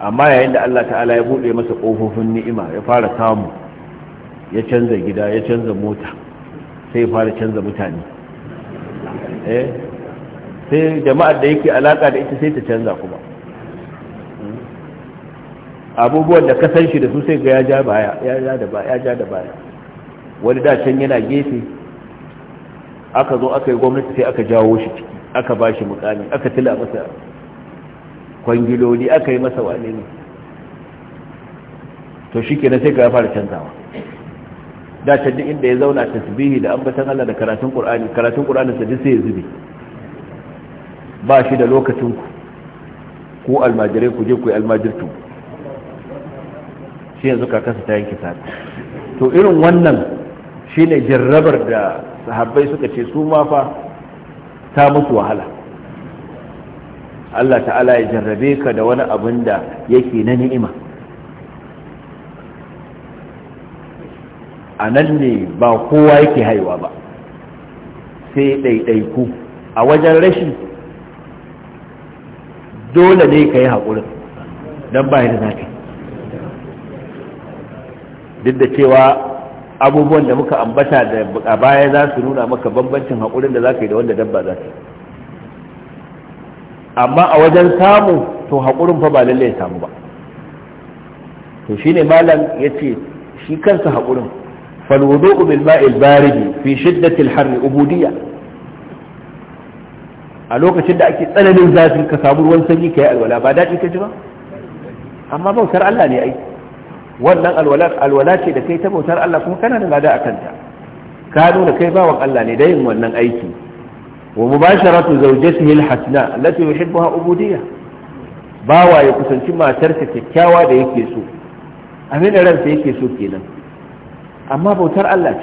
amma yayin da Allah ta'ala ya buɗe masa ƙofofin ni'ima ya fara samu ya canza gida ya canza mota sai ya fara canza mutane eh sai jama'ar da yake alaka da ita sai ta canza kuma abubuwan da ka san shi da su sai ga ya ja baya ya ja da baya ya ja da baya wani da can yana gefe aka zo aka yi gwamnati sai aka jawo shi ciki aka ba shi mukami aka tila masa kwangiloli aka yi masa wane ne to shi ke na sai ka ya fara canzawa da can inda ya zauna tasbihi da ambatan Allah da karatun Qur'ani karatun Qur'ani sa duk sai ya zube ba shi da lokacin ku ku almajirai ku je ku yi almajirtu shi yanzu kasa ta yanki sa to irin wannan shine jarrabar da sahabbai suka ce su ma fa ta musu wahala Allah ta'ala ya jarrabe ka da wani abin da yake na ni'ima a nan ne ba kowa yake haiwa ba sai ɗaiɗaiku a wajen rashin dole ne ka yi haƙurin don ba da zafi duk da cewa abubuwan da muka ambata da a baya za su nuna maka bambancin haƙurin da za ka yi da wanda dabba za ka yi amma a wajen samu to haƙurin fa ba lallai ya samu ba to shine malam ya ce shi kansa haƙurin falwudu bil ma'il baridi fi shiddatil harri ubudiyya a lokacin da ake tsananin zafi ka samu ruwan sanyi ka yi alwala ba daɗi ka ji ba amma bautar Allah ne ai wannan alwala ce da kai ta bautar Allah kuma kana da lada a kanta ka nuna kai bawan Allah ne da yin wannan aiki ومباشرة زوجته الحسناء التي يحبها أبودية باوا يكسن شما ترسك كاوا دا يكيسو أمين رمس يكيسو كينا أما بوتر الله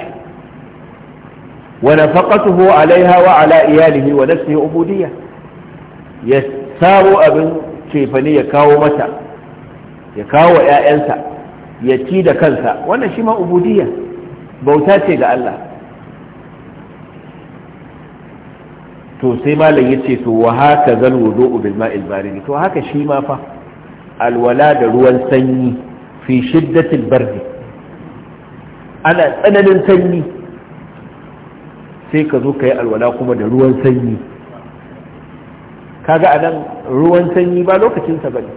ونفقته عليها وعلى إياله ونفسه أبودية يساو أبن شيفني يكاو متى يكاو يا أنسى يتيد كنسى وانا شما أبودية بوتاتي الله to sai malam ya ce to wa haka zal wudu'u bil ma'il barid to haka shi ma fa alwala da ruwan sanyi fi shiddatil bardi ana tsananin sanyi sai ka zo ka yi alwala kuma da ruwan sanyi kaga anan ruwan sanyi ba lokacin sa bane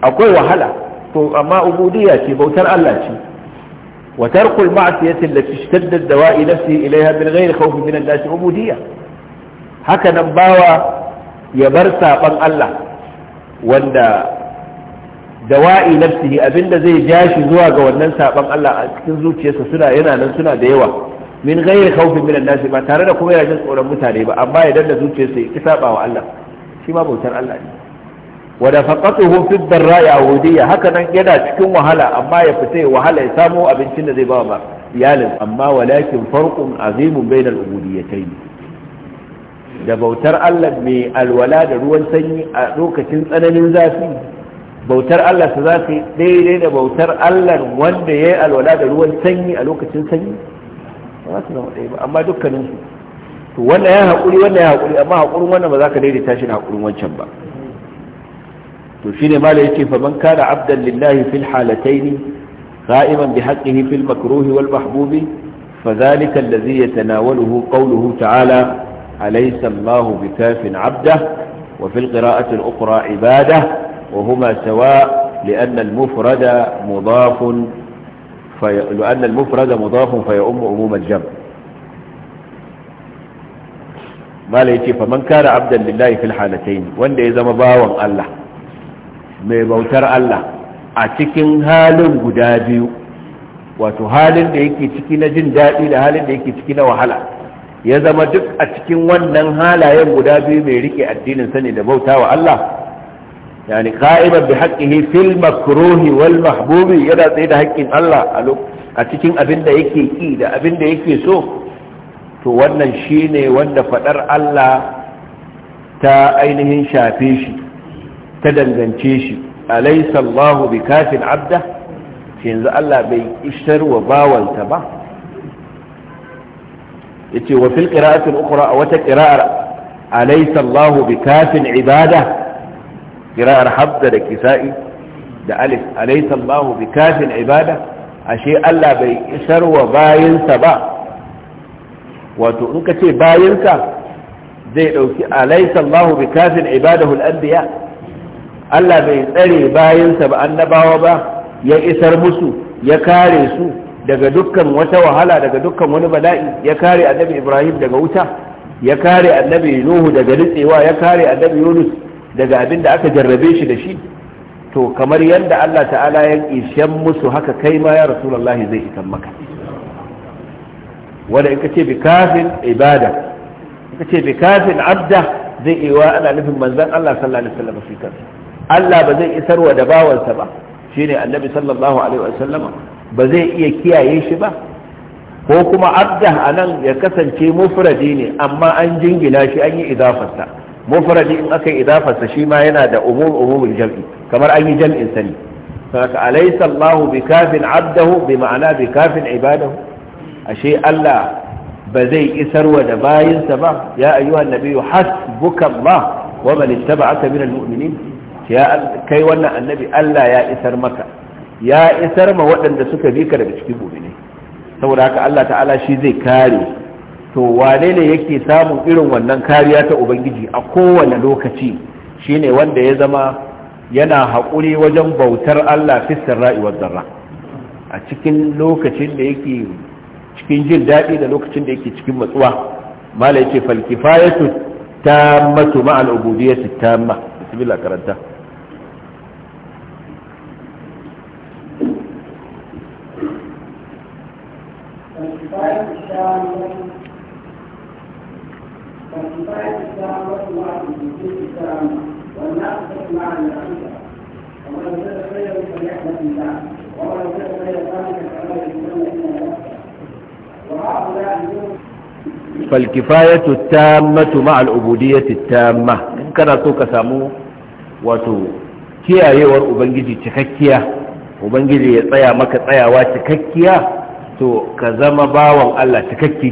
akwai wahala to amma ubudiyya ce bautar Allah ce wa tarkul ma'siyati allati ishtadda dawa'i nafsi ilayha bil ghairi khawfin min an-nas ubudiyya hakanan bawa ya bar saban Allah wanda dawa'i nafsihi abinda zai ja shi zuwa ga wannan saban Allah a cikin zuciyarsa suna yana nan suna da yawa min ghairi kaufin minan nasi ba tare da kuma yana jin tsoron mutane ba amma idan da zuciyarsa ya saɓa wa Allah shi ma bautar Allah ne wada da faqatuhu fi darra'i awdiyya haka nan yana cikin wahala amma ya fita wahala ya samu abincin da zai ba ba iyalin amma walakin farkon azimun bainal ubudiyyatayn da bautar Allah mai alwala da ruwan sanyi a lokacin tsananin zafi bautar Allah su za su daidai da bautar Allah wanda ya yi alwala da ruwan sanyi a lokacin sanyi ba su zama ɗaya ba amma dukkanin su to wannan ya haƙuri wannan ya haƙuri amma haƙurin wannan ba za ka daidaita shi na haƙurin wancan ba to shine malai yake fa man kana abdan lillahi fil halatayn qa'iman bi haqqihi fil makruhi wal mahbubi فذلك الذي يتناوله قوله تعالى أليس الله بكاف عبده وفي القراءة الأخرى عباده وهما سواء لأن المفرد مضاف في... لأن المفرد مضاف فيؤم عموم الجمع ما ليتي فمن كان عبدا لله في الحالتين وان إذا يزما باwan Allah mai bautar Allah a cikin halin guda biyu wato halin da yake ciki ya zama duk a cikin wannan halayen guda biyu mai rike addinin sani da bauta wa Allah yani qa'iman bi haqqihi fil makruhi wal mahbubi yana tsaye da haƙƙin Allah a cikin abin da yake ki da abin da yake so to wannan shine wanda fadar Allah ta ainihin shafe shi ta dangance shi alaysa Allahu bikafin abda yanzu Allah bai isar wa bawansa ba yace wa fil qira'atin ukhra a wata qira'ar alaysa Allah bi kafin ibada qira'ar habda da kisa'i da alif alaysa Allah bi kafin ibada ashe Allah bai isar wa bayinsa ba wato in ka ce ka zai dauki alaysa Allah bi kafin ibadahu al-anbiya Allah bai tsare bayinsa ba annabawa ba ya isar musu ya kare su daga dukkan wata wahala daga dukkan wani bala'i ya kare annabi ibrahim daga wuta ya kare annabi nuhu daga nutsewa ya kare annabi yunus daga abin da aka jarrabe shi da shi to kamar yadda allah ta'ala ya ishen musu haka kai ma ya rasulallah zai isan maka wanda in ka ce bikafin ibada in ka ce bikafin abda zai iya ana nufin manzan allah sallallahu alaihi wasallam shi kansa allah ba zai isarwa da bawansa ba shine annabi sallallahu alaihi wasallama ba zai iya kiyaye shi ba ko kuma abda a nan ya kasance mufradi ne amma an jingina shi an yi idafarsa mufradi in aka yi idafarsa shi ma yana da umum umumin jam'i kamar an yi jam'in sani saka alaysa Allahu bikafin abdahu bi ma'ana bikafin ibadahu ashe Allah ba zai isarwa da bayinsa ba ya ayyuhan nabiyyu hasbuka Allah wa man ittaba'aka minal mu'minin ya kai wannan annabi Allah ya isar maka ya isar ma waɗanda suka bi ka daga cikin mu'minai saboda haka Allah ta'ala shi zai kare to wane ne yake samun irin wannan kariya ta ubangiji a kowane lokaci shine wanda ya zama yana haƙuri wajen bautar Allah fi ra'iwar zarra a cikin lokacin da yake cikin jin daɗi da lokacin da yake cikin matsuwa mala yace falkifayatu tammatu al ubudiyyati tamma bismillah karanta Falkifa ya tutta ma kuma Al'ubuudi ya tutta ma, so ka samu wato kiyayewar Ubangiji cikakkiya? Ubangiji ya tsaya maka tsayawa cikakkiya? to ka zama bawan Allah cikakke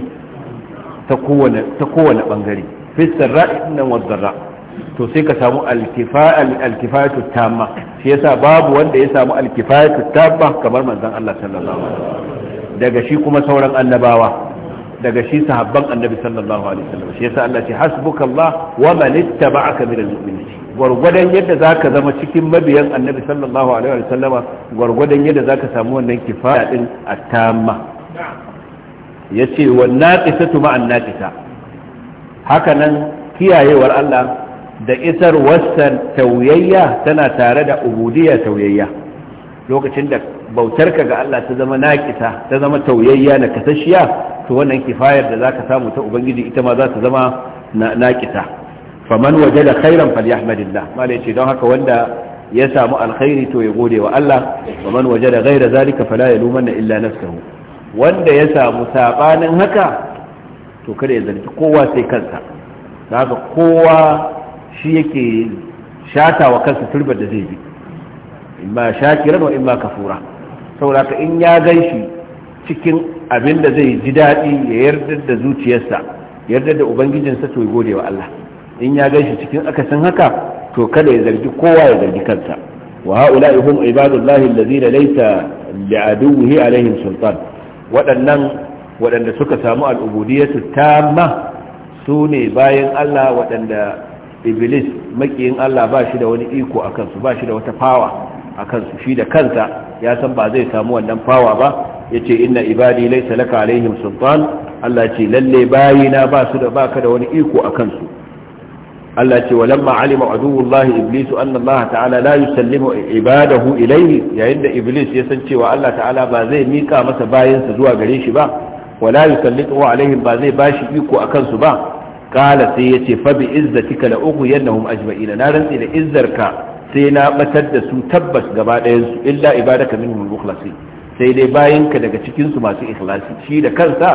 ta kowane bangare fi sarra'i nan wa zarra to sai ka samu alkifayatu tamma shi yasa babu wanda ya samu alkifayatu tamma kamar manzon Allah sallallahu alaihi wasallam daga shi kuma sauran annabawa daga shi sahabban annabi sallallahu alaihi wasallam shi yasa Allah ce hasbukallah wa man ittaba'aka minal mu'minin gwargwadon yadda za ka zama cikin mabiyan annabi sallallahu alaihi wa sallama gwargwadon yadda za ka samu wannan kifaya din a tamma ya ce wa naƙisatu ma'an naƙisa haka nan kiyayewar Allah da isar wasan tauyayya tana tare da ubudiyya tauyayya lokacin da bautarka ga Allah ta zama naƙisa ta zama tauyayya na kasashiya to wannan kifayar da za ka samu ta ubangiji ita ma za ta zama naƙisa faman da khairan falyahmadillah mala yace don haka wanda ya samu alkhairi to ya gode wa Allah faman wajada ghaira zalika fala yalumanna illa nafsuhu wanda ya samu sabanin haka to kada ya zanci kowa sai kansa haka kowa shi yake shata wa kansa turbar da zai bi imma shakiran wa imma kafura saboda in ya shi cikin abin da zai ji daɗi ya yarda da zuciyarsa yarda da ubangijinsa to ya gode wa Allah in ya gaishe cikin akasin haka to kada ya zargi kowa ya zargi kansa wa haula'i hum ibadullahi allazina laysa li'aduwwihi alaihim sultan waɗannan waɗanda suka samu al'ubudiyatu tamma su ne bayan Allah waɗanda iblis makiyin Allah ba shi da wani iko a kansu ba shi da wata fawa a kansu shi da kansa ya san ba zai samu wannan fawa ba ya ce inna ibadi laisa laka alaihim sultan Allah ce lalle bayina ba su da baka da wani iko a kansu Allah ce walamma alima aduwullahi iblisu anna Allah ta'ala la yusallimu ibadahu ilayhi yayin da iblis ya san cewa Allah ta'ala ba zai mika masa bayansa zuwa gare shi ba wala yusallitu alaihim ba zai bashi iko akan su ba kala sai yace fa bi izzatika la ughwiyannahum ajma'ina na rantsi da izzarka sai na batar da su tabbas gaba ɗayan su illa ibadaka minhum mukhlasin sai dai bayinka daga cikinsu masu ikhlasi shi da kansa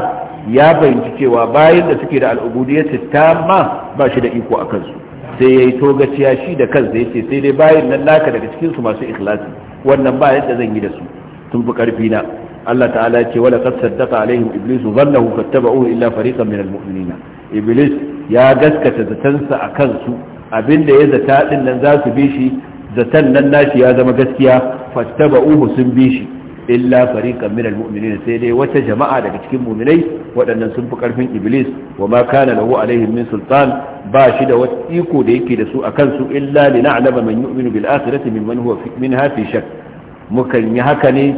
ya fahimci cewa bayin da suke da citta tamma ba shi da iko a kansu sai ya yi togaciya shi da kansa ya ce sai dai bayin nan naka daga cikinsu masu ikhlasi wannan ba yadda zan yi da su tun fi ƙarfi na Allah ta'ala ya ce wala qad saddaqa alaihim iblisu zannahu fattaba'u illa fariqan min almu'minin iblis ya gaskata zatansa a kansu abinda ya zata din nan za su bi shi zatan nan nashi ya zama gaskiya fattaba'u sun bi shi illa fariqan min mu'minin sai dai wata jama'a daga cikin mu'minai waɗannan sun fi karfin iblis wa ma kana lahu alaihim min sultan ba shi da wata iko da yake da su akan su illa li na'lama man yu'minu bil akhirati mimman huwa minha fi shak mukan yi haka ne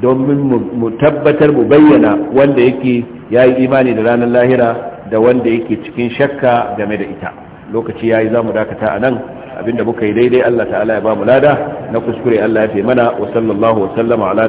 domin mu tabbatar mu bayyana wanda yake yayi imani da ranar lahira da wanda yake cikin shakka game da ita lokaci yayi zamu dakata anan abinda muka yi daidai Allah ta'ala ya ba mu lada na kuskure Allah ya fi mana wa sallallahu wa sallama ala